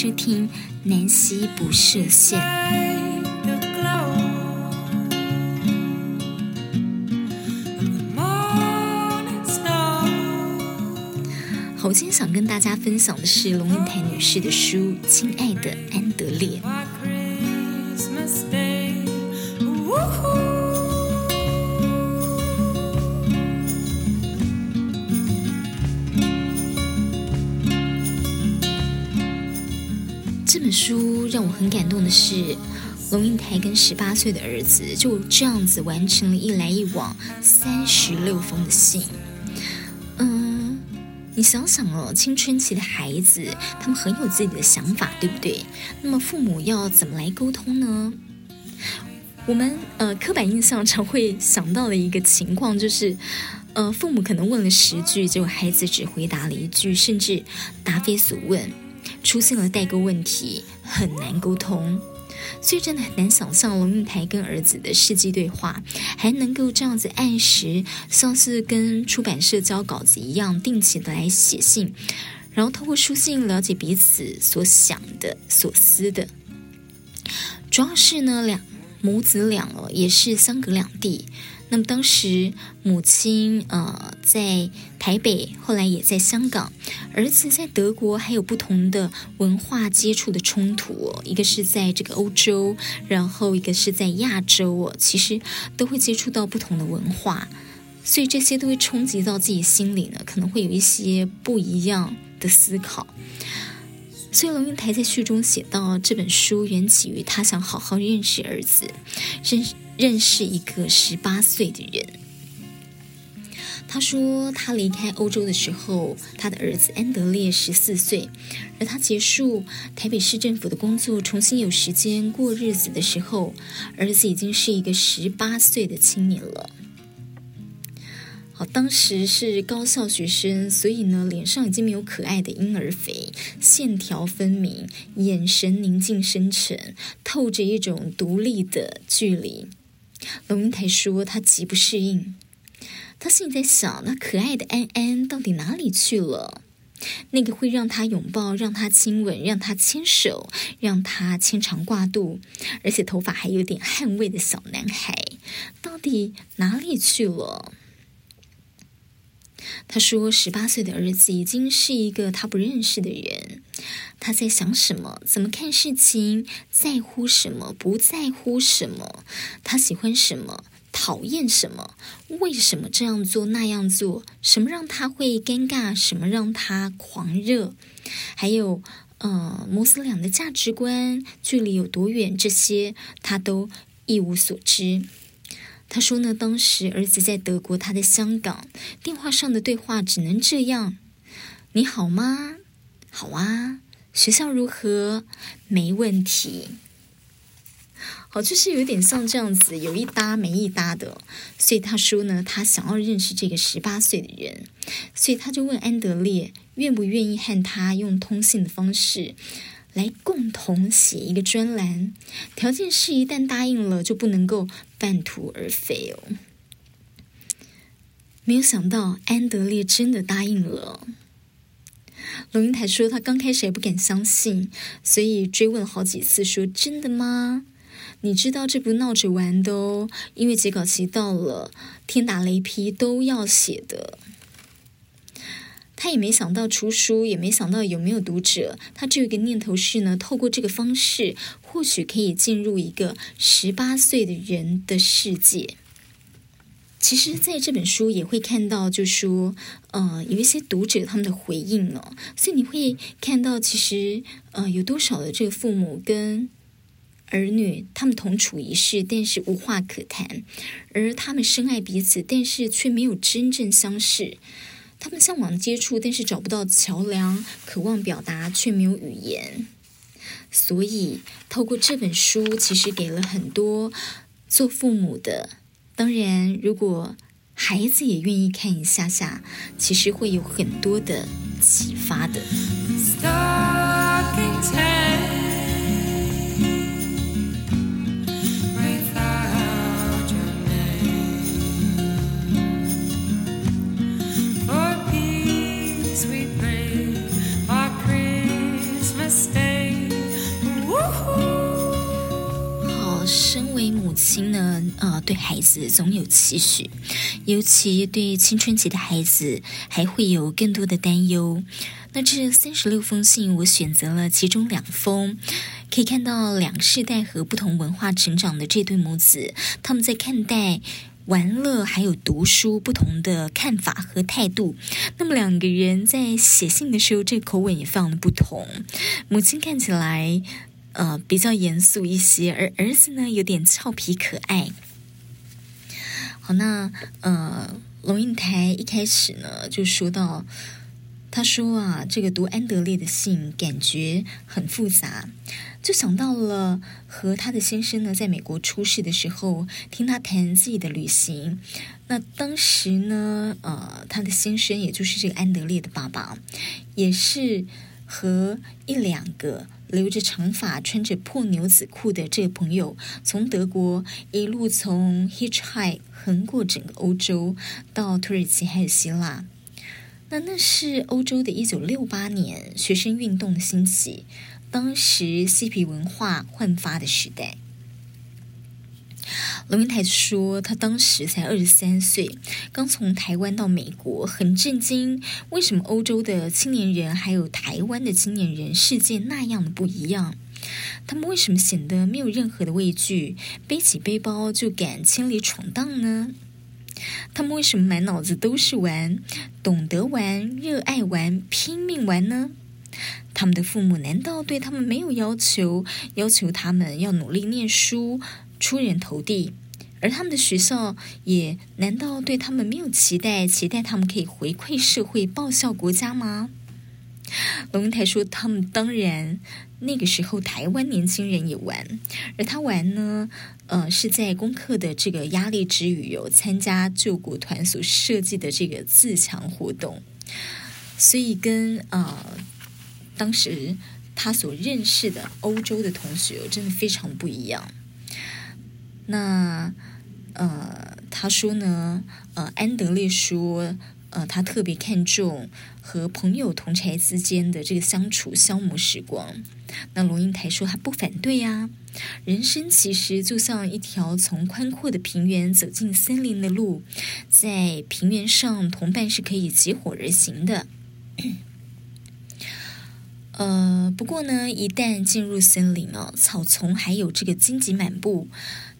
收聽南希不設限。好，今天想跟大家分享的是龍應台女士的書《親愛的讓我很感動的是，龍應台跟十八歲的兒子就這樣子完成了一來一往三十六封的信。嗯、呃，你想想哦，青春期的孩子他們很有自己的想法，對不對？那麼父母要怎麼來溝通呢？我們呃，刻板印象常會想到的一個情況就是，呃，父母可能問了十句，結果孩子只回答了一句，甚至答非所問。出現了代溝問題，很難溝通，所以真的很難想象龍應台跟兒子的世紀對話，還能夠這樣子按時，像是跟出版社交稿子一樣，定期的來寫信，然後透過書信了解彼此所想的、所思的。主要是呢，兩母子倆哦，也是相隔兩地。那麼當時母親呃在台北，後來也在香港，兒子在德國，還有不同的文化接觸的衝突，一個是在這個歐洲，然後一個是在亞洲，其實都會接觸到不同的文化，所以這些都會衝擊到自己心裡呢，可能會有一些不一樣的思考。所以龍應台在序中寫到，這本書緣起於他想好好認識兒子，認識。認識一個十八歲的人。他說，他離開歐洲的時候，他的兒子安德烈十四歲；而他結束台北市政府的工作，重新有時間過日子的時候，兒子已經是一個十八歲的青年了。好，當時是高校學生，所以呢，臉上已經沒有可愛的嬰兒肥，線條分明，眼神寧靜深沉，透着一種獨立的距離。龍應台說：“他極不適應，他現在想，那可愛的安安到底哪裡去了？那個會讓他擁抱、讓他親吻、讓他牽手、讓他牽腸掛肚，而且頭髮還有點汗味的小男孩，到底哪裡去了？”他說：“十八歲的兒子已經是一個他不認識的人，他在想什麼？怎麼看事情？在乎什麼？不在乎什麼？他喜歡什麼？討厭什麼？為什麼這樣做？那樣做？什麼讓他會尷尬？什麼讓他狂熱？還有，呃，母子倆的價值觀距離有多遠？這些他都一無所知。”他說呢，當時兒子在德國，他在香港，電話上的對話只能這樣：“你好嗎？好啊，學校如何？沒問題。”好，就是有點像這樣子，有一搭沒一搭的。所以他說呢，他想要認識這個十八歲的人，所以他就問安德烈願不願意和他用通信的方式。來共同寫一個專欄，條件是一旦答應了就不能夠半途而廢哦。沒有想到安德烈真的答應了。龍應台說他剛開始也不敢相信，所以追問了好幾次說真的嗎？你知道這不鬧着玩的哦，因為截稿期到了，天打雷劈都要寫的。他也沒想到出書，也沒想到有沒有讀者。他只有一個念頭是呢：透過這個方式，或許可以進入一個十八歲的人的世界。其實，在這本書也會看到，就說，呃，有一些讀者他們的回應哦。所以你會看到，其實，呃，有多少的這個父母跟兒女他們同處一室，但是無話可談；而他們深愛彼此，但是卻沒有真正相識。他們嚮往接觸，但是找不到橋樑；渴望表達，卻沒有語言。所以，透過這本書，其實給了很多做父母的，當然，如果孩子也願意看一下下，其實會有很多的啟發的。呃，對孩子總有期許，尤其對青春期的孩子，還會有更多的擔憂。那這三十六封信，我選擇了其中兩封，可以看到兩世代和不同文化成長的這對母子，他們在看待玩樂還有讀書不同的看法和態度。那麼兩個人在寫信的時候，這個口吻也非常的不同。母親看起來，呃，比較嚴肅一些，而兒子呢，有點俏皮可愛。好，那呃，龍應台一開始呢，就說到，他說啊，這個讀安德烈的信，感覺很複雜，就想到了和他的先生呢，在美國出事的時候，聽他談自己的旅行。那當時呢，呃，他的先生，也就是這個安德烈的爸爸，也是和一兩個。留着長髮、穿着破牛仔褲的這個朋友，從德國一路從 Hitchhike 橫過整個歐洲，到土耳其還有希臘。那那是歐洲的1968年學生運動的興起，當時嬉皮文化煥發的時代。龍應台說：“他當時才二十三歲，剛從台灣到美國，很震驚。為什麼歐洲的青年人，還有台灣的青年人，世界那樣的不一樣？他們為什麼顯得沒有任何的畏懼，背起背包就敢千里闖蕩呢？他們為什麼滿腦子都是玩，懂得玩，熱愛玩，拼命玩呢？他們的父母難道對他們沒有要求？要求他們要努力唸書？”出人頭地，而他們的學校也難道對他們沒有期待？期待他們可以回饋社會、報效國家嗎？龍應台說：“他們當然，那個時候台灣年輕人也玩，而他玩呢，呃，是在功課的這個壓力之餘，哦，參加救國團所設計的這個自強活動，所以跟呃當時他所認識的歐洲的同學真的非常不一樣。”那呃，他說呢，呃，安德烈說，呃，他特別看重和朋友同儕之間的這個相處，消磨時光。那龍應台說，他不反對呀。人生其實就像一條從寬闊的平原走進森林的路，在平原上，同伴是可以結夥而行的。 呃，不過呢，一旦進入森林啊，草叢還有這個荊棘滿佈，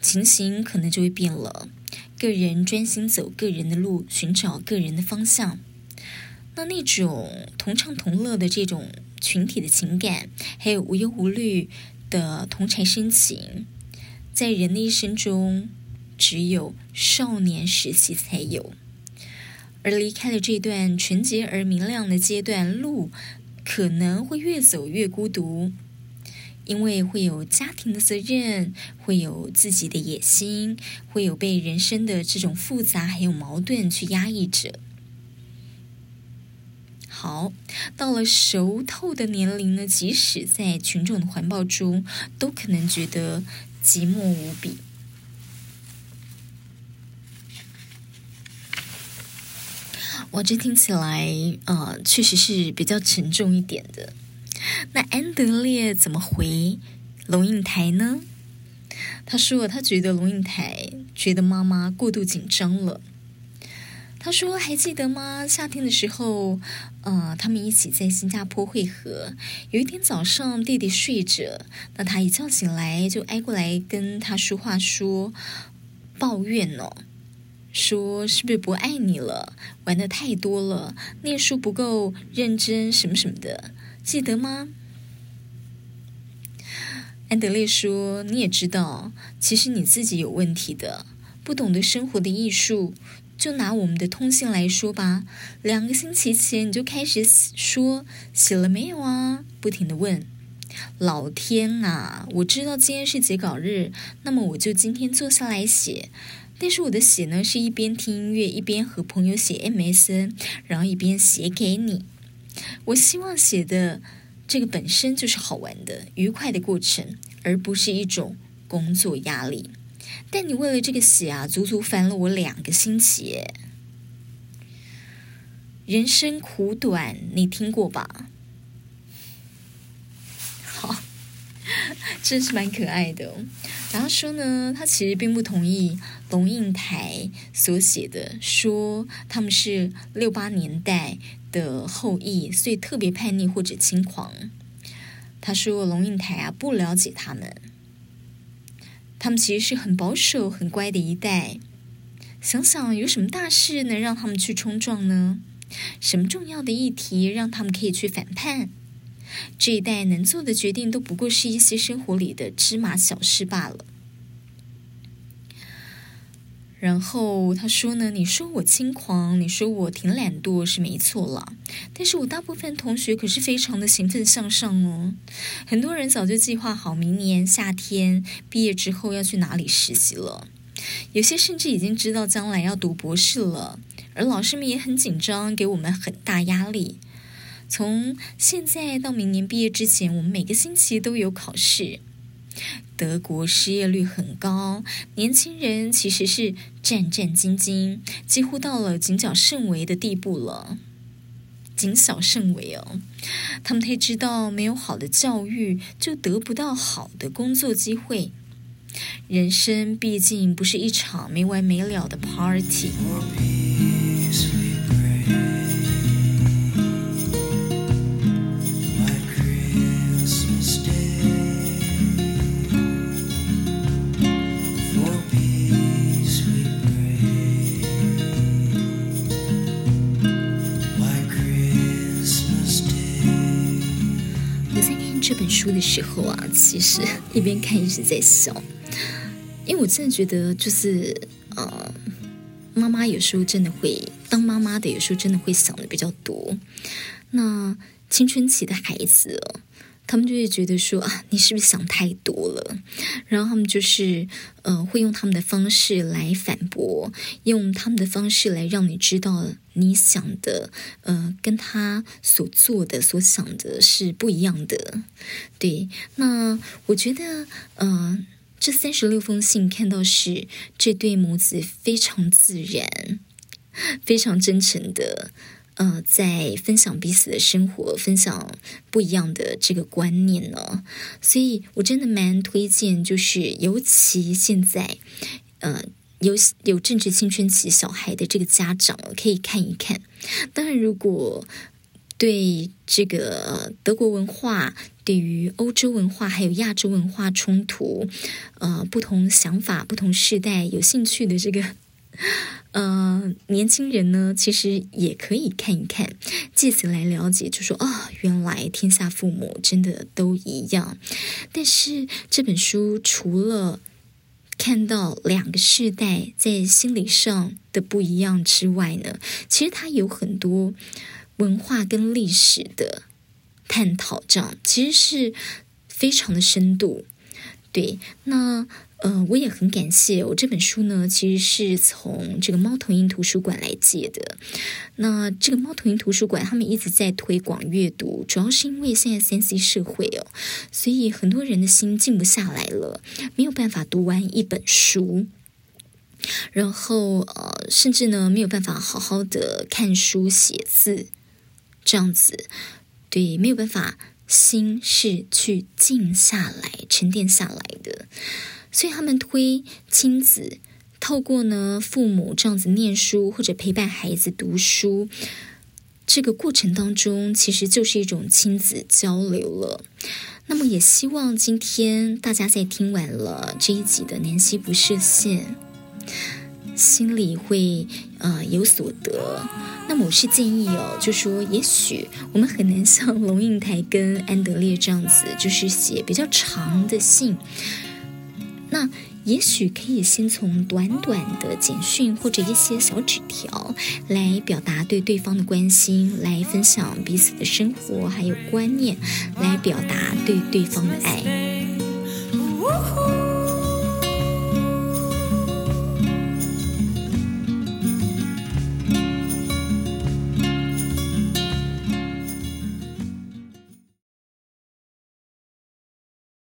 情形可能就會變了。個人專心走個人的路，尋找個人的方向。那那種同唱同樂的這種群體的情感，還有無憂無慮的同儕深情，在人的一生中，只有少年時期才有。而離開了這段純潔而明亮的階段，路，可能會越走越孤獨，因為會有家庭的責任，會有自己的野心，會有被人生的這種複雜還有矛盾去壓抑着。好，到了熟透的年齡呢，即使在群眾的懷抱中，都可能覺得寂寞無比。我這聽起來呃，確實是比較沉重一點的。那安德烈怎麼回龍應台呢？他說他覺得龍應台覺得媽媽過度緊張了。他說還記得嗎？夏天的時候，呃，他們一起在新加坡會合。有一天早上，弟弟睡着，那他一覺醒來就挨過來跟他說話說，說抱怨呢、哦。說是不是不愛你了？玩得太多了，念書不夠認真，什麼什麼的，記得嗎？安德烈說：“你也知道，其實你自己有問題的，不懂得生活的藝術。就拿我們的通信來說吧，兩個星期前你就開始說，寫了沒有啊，不停地問。老天啊，我知道今天是截稿日，那麼我就今天坐下來寫。”但是我的寫呢，是一邊聽音樂，一邊和朋友寫 MSN，然後一邊寫給你。我希望寫的這個本身就是好玩的、愉快的過程，而不是一種工作壓力。但你為了這個寫啊，足足煩了我兩個星期。人生苦短，你聽過吧？真是蠻可愛的哦。然後說呢，他其實並不同意龍應台所寫的，說他們是六八年代的後裔，所以特別叛逆或者輕狂。他說龍應台啊，不了解他們，他們其實是很保守、很乖的一代。想想有什麼大事能讓他們去衝撞呢？什麼重要的議題讓他們可以去反叛？這一代能做的決定都不過是一些生活裡的芝麻小事罷了。然後他說呢：“你說我輕狂，你說我挺懶惰是沒錯了。但是我大部分同學可是非常的勤奮向上哦。很多人早就計劃好明年夏天畢業之後要去哪裡實習了，有些甚至已經知道將來要讀博士了。而老師們也很緊張，給我們很大壓力。”從現在到明年畢業之前，我們每個星期都有考試。德國失業率很高，年輕人其實是戰戰兢兢，幾乎到了謹小慎微的地步了。謹小慎微哦，他們也知道沒有好的教育就得不到好的工作機會。人生畢竟不是一場沒完沒了的 party。書的時候啊，其實一邊看一直在笑，因為我真的覺得就是，呃，媽媽有時候真的會，當媽媽的，有時候真的會想得比較多。那青春期的孩子啊。他們就會覺得說啊，你是不是想太多了？然後他們就是，呃，會用他們的方式來反駁，用他們的方式來讓你知道你想的，呃，跟他所做的、所想的是不一樣的。對，那我覺得，嗯、呃，這三十六封信看到是這對母子非常自然、非常真誠的。呃，在分享彼此的生活，分享不一樣的這個觀念呢，所以我真的蠻推薦，就是尤其現在，呃，有有正值青春期小孩的這個家長可以看一看。當然，如果對這個德國文化、對於歐洲文化還有亞洲文化衝突，呃，不同想法、不同世代有興趣的這個。呃，年輕人呢，其實也可以看一看，借此來了解，就說啊，哦，原來天下父母真的都一樣。但是這本書除了看到兩個世代在心理上的不一樣之外呢，其實它有很多文化跟歷史的探討，這樣其實是非常的深度。對，那。呃，我也很感謝、哦，我這本書呢，其實是從這個貓頭鷹圖書館來借的。那這個貓頭鷹圖書館，他們一直在推廣閱讀，主要是因為現在三 C 社會哦，所以很多人的心靜不下來了，沒有辦法讀完一本書，然後呃，甚至呢，沒有辦法好好的看書寫字，這樣子，對，沒有辦法心是去靜下來、沉澱下來的。所以他們推親子，透過呢父母這樣子念書或者陪伴孩子讀書，這個過程當中，其實就是一種親子交流了。那麼也希望今天大家在聽完了這一集的南希不設限，心裡會呃有所得。那麼我是建議哦，就說也許我們很難像龍應台跟安德烈這樣子，就是寫比較長的信。那也許可以先從短短的簡訊或者一些小紙條，來表達對對方的關心，來分享彼此的生活，還有觀念，來表達對對方的愛。